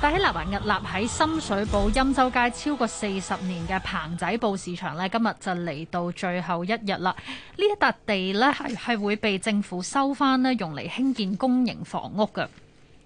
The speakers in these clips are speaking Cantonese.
但喺屹立喺深水埗欽州街超過四十年嘅棚仔布市場咧，今日就嚟到最後一日啦。這一地呢一笪地咧係係會被政府收翻咧，用嚟興建公營房屋嘅。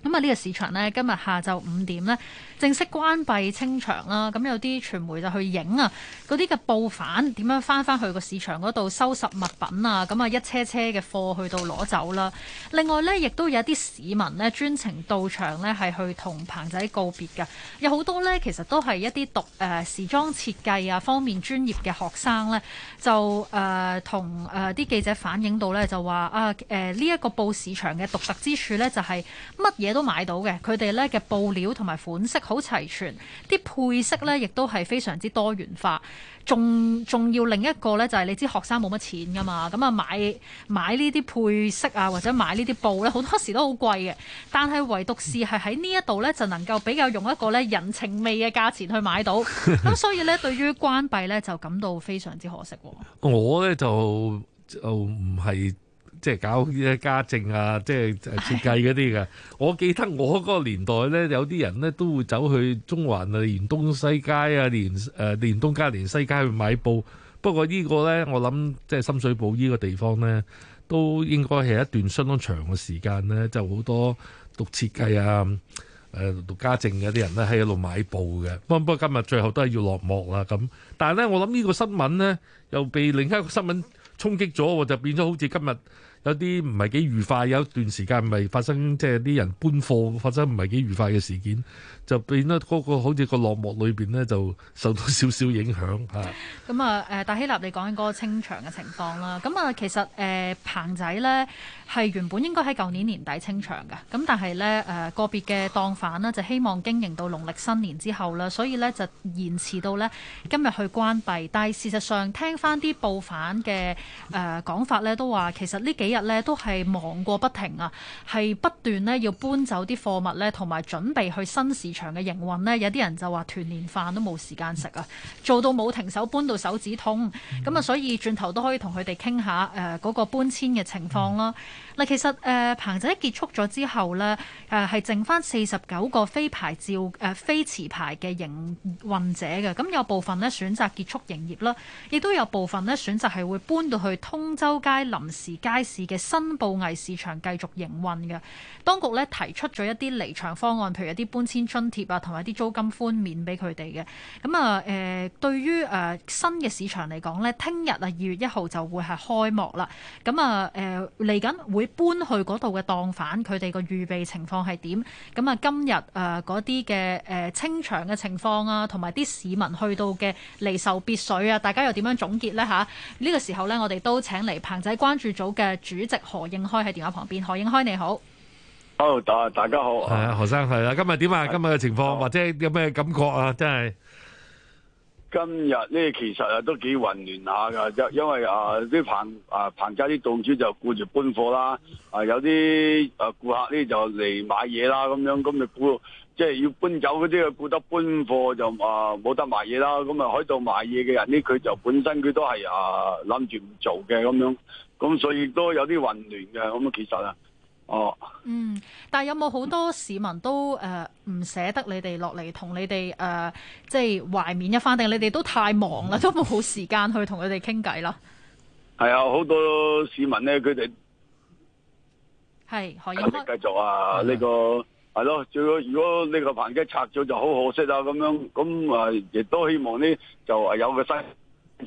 咁啊，呢個市場咧今日下晝五點咧。正式關閉清場啦，咁有啲傳媒就去影啊，嗰啲嘅布販點樣返返去個市場嗰度收拾物品啊，咁啊一車車嘅貨去到攞走啦。另外呢，亦都有啲市民呢專程到場呢，係去同棚仔告別嘅。有好多呢，其實都係一啲讀誒時裝設計啊方面專業嘅學生呢，就誒同誒啲記者反映到呢，就話啊誒呢一個布市場嘅獨特之處呢，就係乜嘢都買到嘅。佢哋呢嘅布料同埋款式。好齊全，啲配色呢亦都係非常之多元化。仲仲要另一個呢，就係你知學生冇乜錢噶嘛，咁啊買買呢啲配色啊，或者買呢啲布呢，好多時都好貴嘅。但係唯獨是係喺呢一度呢，就能夠比較用一個呢人情味嘅價錢去買到。咁所以呢，對於關閉呢，就感到非常之可惜。 我呢，就就唔係。即係搞啲家政啊，即係設計嗰啲嘅。的我記得我嗰個年代呢，有啲人呢都會走去中環啊、連東西街啊、連誒、呃、連東街、連西街去買布。不過呢個呢，我諗即係深水埗呢個地方呢，都應該係一段相當長嘅時間呢，就好多讀設計啊、誒、啊、讀家政嘅啲人呢，喺度買布嘅。不過今日最後都係要落幕啦咁。但係呢，我諗呢個新聞呢，又被另一個新聞衝擊咗，就變咗好似今日。有啲唔係幾愉快，有一段時間咪發生，即係啲人搬貨發生唔係幾愉快嘅事件，就變得、嗰個好似個落幕裏邊咧，就受到少少影響吓，咁啊，誒大、呃、希臘你講緊個清場嘅情況啦，咁啊其實誒棚、呃、仔咧係原本應該喺舊年年底清場嘅，咁但係咧誒個別嘅檔販咧就希望經營到農曆新年之後啦，所以咧就延遲到咧今日去關閉，但係事實上聽翻啲布販嘅誒講法咧，都話其實呢幾日咧都係忙過不停啊，係不斷咧要搬走啲貨物咧，同埋準備去新市場嘅營運咧。有啲人就話團年飯都冇時間食啊，做到冇停手，搬到手指痛。咁啊、mm，hmm. 所以轉頭都可以同佢哋傾下誒、呃嗰個搬遷嘅情況啦。嗱、mm，hmm. 其實誒棚仔結束咗之後咧，誒、呃、係剩翻四十九個非牌照誒、呃、非持牌嘅營運者嘅。咁有部分咧選擇結束營業啦，亦都有部分咧選擇係會搬到去通州街臨時街市，嘅新布藝市場繼續營運嘅，當局咧提出咗一啲離場方案，譬如一啲搬遷津貼啊，同埋一啲租金寬免俾佢哋嘅。咁、呃呃、啊，誒，對於誒新嘅市場嚟講咧，聽日啊二月一號就會係開幕啦。咁啊，誒嚟緊會搬去嗰度嘅檔販，佢哋個預備情況係點？咁、呃呃、啊，今日誒嗰啲嘅誒清場嘅情況啊，同埋啲市民去到嘅離愁別緒啊，大家又點樣總結咧？吓呢、這個時候咧，我哋都請嚟棚仔關注組嘅。主席何應開喺電話旁邊，何應開你好，Hello 大大家好，係啊何生，係啦，今日點啊？今日嘅情況或者有咩感覺啊？真係今日呢，其實啊都幾混亂下噶，因因為啊啲棚啊棚家啲檔主就顧住搬貨啦，啊有啲啊顧客呢就嚟買嘢啦，咁樣咁就估。即係要搬走嗰啲啊，冇得搬貨就啊冇得賣嘢啦。咁啊喺度賣嘢嘅人咧，佢就本身佢都係啊諗住唔做嘅咁樣，咁所以都有啲混亂嘅。咁其實啊，哦，嗯，但係有冇好多市民都誒唔捨得你哋落嚟同你哋誒、呃，即係懷緬一番？定你哋都太忙啦，都冇時間去同佢哋傾偈囉。係啊，好多市民咧，佢哋係可以繼續啊呢、這個。係咯，如果如果呢個棚仔拆咗就好可惜啦咁樣，咁亦、啊、都希望呢，就有個新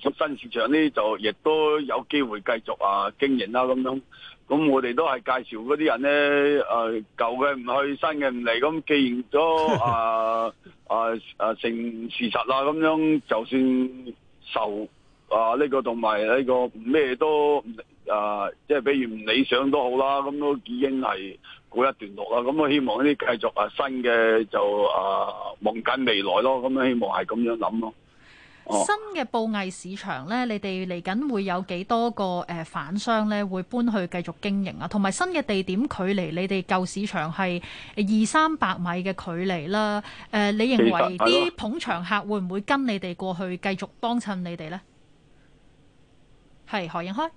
新市場呢，就亦都有機會繼續啊經營啦咁樣。咁我哋都係介紹嗰啲人呢，誒舊嘅唔去，新嘅唔嚟。咁既然都啊啊成事實啦，咁樣就算受啊呢個同埋呢個咩都啊，即係比如唔理想都好啦，咁都已經係。每一段落啦，咁我希望啲繼續啊新嘅就啊、呃、望緊未來咯，咁樣希望係咁樣諗咯。哦、新嘅布藝市場咧，你哋嚟緊會有幾多個誒、呃、反商咧會搬去繼續經營啊？同埋新嘅地點距離你哋舊市場係二三百米嘅距離啦、啊。誒、呃，你認為啲捧場客會唔會跟你哋過去繼續幫襯你哋咧？係何應開。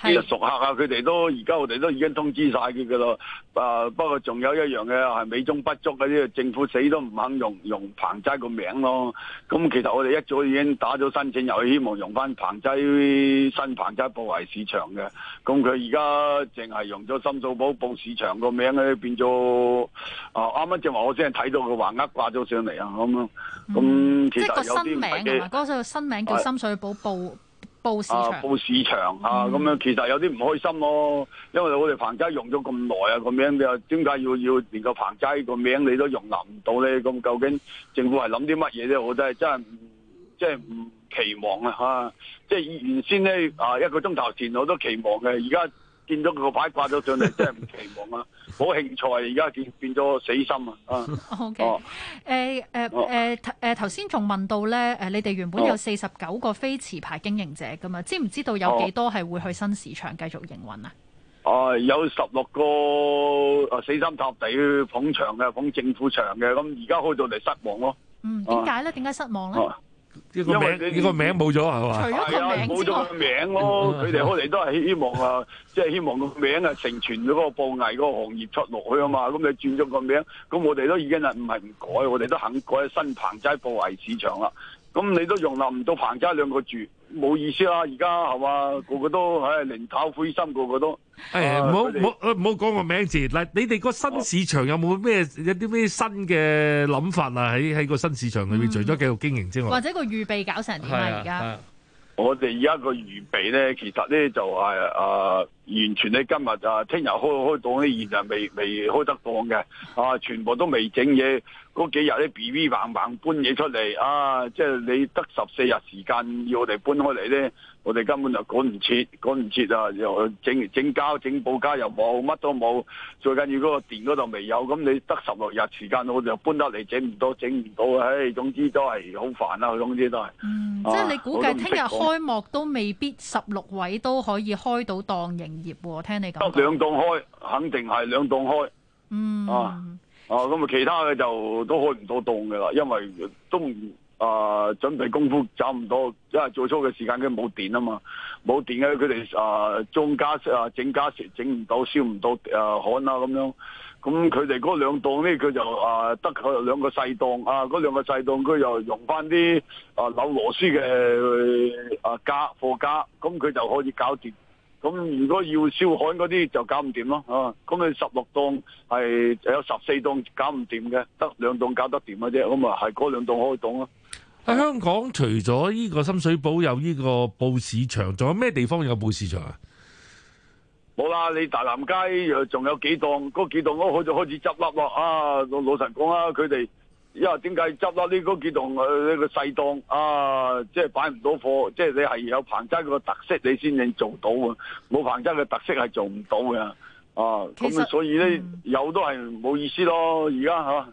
啲是熟客啊，佢哋都而家我哋都已經通知晒佢噶咯。啊，不過仲有一樣嘅係美中不足呢啲，政府死都唔肯用用棚仔個名咯。咁其實我哋一早已經打咗申請，又希望用翻棚仔新棚仔布圍市場嘅。咁佢而家淨係用咗深水埗布市場個名咧，變咗啊！啱啱正話我先係睇到個橫額掛咗上嚟啊，咁樣。咁、嗯、其實有啲即個新名，嗰個新名叫深水埗布。啊！布市場啊！咁、嗯、其實有啲唔開心咯，因為我哋棚仔用咗咁耐啊個名，你話點解要要連個棚仔個名你都容納唔到咧？咁究竟政府係諗啲乜嘢咧？我都係真係，即係唔期望啊！啊，即係原先咧，啊一個鐘頭前我都期望嘅，而家。見到佢個牌掛咗上嚟，真係唔期望啊！冇興趣，而家變變咗死心啊！啊，OK，誒誒誒頭先仲問到咧，誒，你哋原本有四十九個非持牌經營者噶嘛？知唔知道有幾多係會去新市場繼續營運啊？啊，有十六個啊，死心塌地捧場嘅，捧政府場嘅，咁而家開到嚟失望咯。嗯，點解咧？點解、啊、失望咧？啊這個名因為呢個名冇咗係嘛，係啊冇咗個名咯，佢哋我哋都係希望、嗯、啊，即係希望個、 啊就是，名啊成全咗個布藝個行業出落去啊嘛，咁你轉咗個名，咁我哋都已經係唔係唔改，我哋都肯改新棚仔布藝市場啦。咁你都容納唔到彭家兩個住，冇意思啦！而家係嘛，個個都唉、哎，零舍灰心，個個都。唔好唔好講個名字。嗱，你哋個新市場有冇咩有啲咩新嘅諗法啊？喺喺個新市場裏面，嗯、除咗繼續經營之外，或者個預備搞成點啊？而家在、啊啊、我哋而家個預備咧，其實咧就係、是、啊。呃完全你今日啊聽日開開檔，呢現就未未開得檔嘅，啊，全部都未整嘢，嗰幾日啲 B B 扮扮搬嘢出嚟，啊，即係你得十四日時間要我哋搬開嚟咧，我哋根本就趕唔切，趕唔切啊！又整整膠整布膠又冇，乜都冇，最緊要嗰個電嗰度未有，咁你得十六日時間，我哋就搬得嚟整唔到，整唔到，唉、哎，總之都係好煩啦，總之都係。嗯，啊、即係你估計聽日開幕都未必十六位都可以開到檔型。業，我聽你講。兩檔開，肯定係兩檔開。嗯。啊啊，咁啊，其他嘅就都開唔到檔嘅啦，因為都唔啊準備功夫找唔到，因為最初嘅時間佢冇電啊嘛，冇電佢哋啊裝架啊整架整唔到，燒唔到啊焊啊咁樣。咁佢哋嗰兩檔咧，佢就得佢兩個細檔啊，嗰兩、啊、個細檔佢又用翻啲啊扭螺絲嘅啊夾貨架，咁佢就可以搞掂。咁如果要燒海嗰啲就搞唔掂咯，啊！咁你十六檔係有十四檔搞唔掂嘅，得兩檔搞得掂嘅啫，咁啊係嗰兩檔開檔咯。喺香港除咗依個深水埗有呢個布市場，仲有咩地方有布市場啊？冇啦，你大南街仲有幾檔？嗰幾檔屋就開始執笠咯。啊，老老實講啊，佢哋。因為點解執啦？呢個幾檔呢個細檔啊，即係擺唔到貨，即、就、係、是、你係有棚仔個特色你先至做到，棚做到啊，冇棚仔嘅特色係做唔到嘅啊。咁所以咧、嗯、有都係冇意思咯。而家吓。啊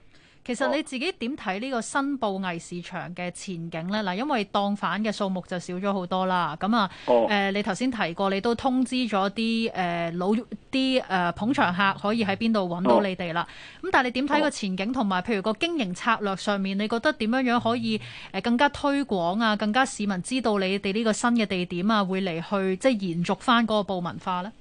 其實你自己點睇呢個新布藝市場嘅前景呢？嗱，因為檔販嘅數目就少咗好多啦。咁啊，誒，你頭先提過，你都通知咗啲誒老啲誒捧場客可以喺邊度揾到你哋啦。咁但係你點睇個前景同埋，譬如個經營策略上面，你覺得點樣樣可以誒更加推廣啊，更加市民知道你哋呢個新嘅地點啊，會嚟去即係延續翻嗰個布文化呢？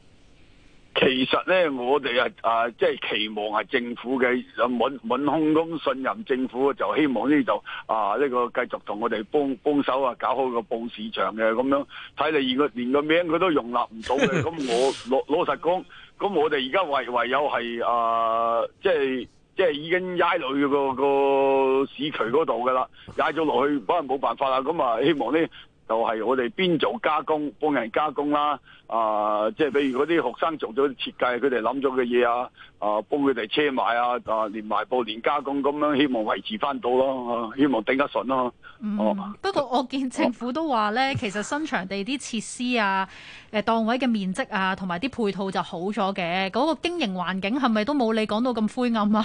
其實咧，我哋啊啊，即係期望係政府嘅穩穩控，咁信任政府就希望呢就啊呢、呢個繼續同我哋幫幫手啊，搞好個布市場嘅咁樣。睇嚟連個連個名佢都容納唔到嘅，咁、嗯、我老老實講，咁、嗯、我哋而家唯唯有係啊、呃，即係即係已經挨落去個個市渠嗰度噶啦，挨咗落去，可能冇辦法啦。咁、嗯、啊，希望咧。就係我哋邊做加工，幫人加工啦，啊，即係比如嗰啲學生做咗設計，佢哋諗咗嘅嘢啊，啊，幫佢哋車埋啊，啊，連埋布連加工，咁樣希望維持翻到咯，希望頂得順咯。嗯，不過我見政府都話咧，其實新場地啲設施啊，誒，檔位嘅面積啊，同埋啲配套就好咗嘅，嗰個經營環境係咪都冇你講到咁灰暗啊？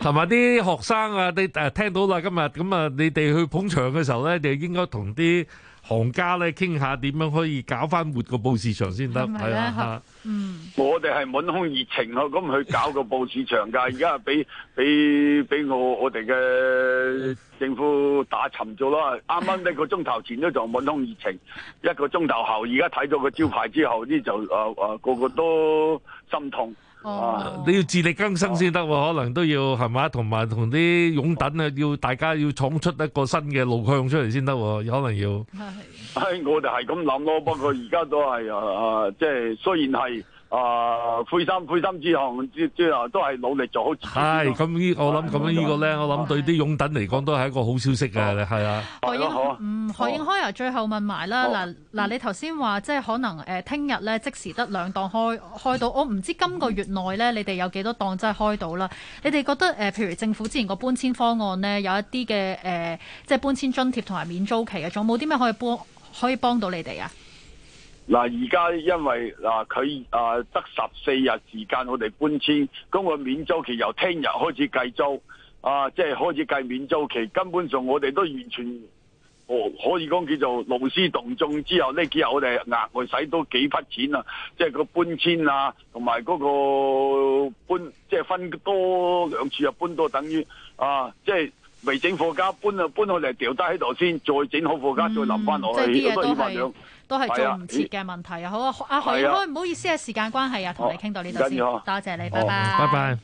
同埋啲學生啊，你誒聽到啦，今日咁啊，你哋去捧場嘅時候咧，就應該同啲。行家咧，傾下點樣可以搞返活個布市場先得，係啊！啊嗯，我哋係滿腔熱情咯，咁去搞個布市場㗎。而家俾俾俾我我哋嘅政府打沉咗咯。啱啱一個鐘頭前都仲滿腔熱情，一個鐘頭後，而家睇到個招牌之後呢，就啊啊個個都心痛。哦，你要自力更生先得喎，哦、可能都要係咪？同埋同啲擁躉啊，要大家要闖出一個新嘅路向出嚟先得，有可能要係的、哎，我哋係咁諗咯。不過而家都係啊啊，即係雖然係。啊，灰、呃、心灰心之後，之之啊，都係努力做好自己。係咁呢？是我諗咁樣呢個咧，我諗對啲擁躉嚟講都係一個好消息嘅，你係啊。何應，開嗯，何應開啊，哦、最後問埋啦。嗱嗱、哦，你頭先話即係可能誒，聽日咧即時得兩檔開開到，我唔知今個月內咧，你哋有幾多檔真係開到啦？你哋覺得誒、呃，譬如政府之前個搬遷方案咧，有一啲嘅誒，即係搬遷津貼同埋免租期嘅，仲有冇啲咩可以幫可以幫到你哋啊？嗱，而家因為嗱佢啊得十四日時間，我哋搬遷，咁個免租期由聽日開始計租，啊，即、就、係、是、開始計免租期，根本上我哋都完全可、哦、可以講叫做勞師動眾。之後呢幾日我哋額外使多幾筆錢、就是、啊，即係個搬遷啊，同埋嗰個搬，即、就、係、是、分多兩次搬等啊、就是、未整家搬，多。等於啊，即係未整貨家搬啊，搬好嚟調低喺度先，再整好貨家再落翻落去，嗯就是、都係要翻都係做唔切嘅問題啊！好啊，阿何應開，唔好意思啊，時間關係啊，同、哦、你傾到呢度先，啊、多謝你，哦、拜拜、哦，拜拜。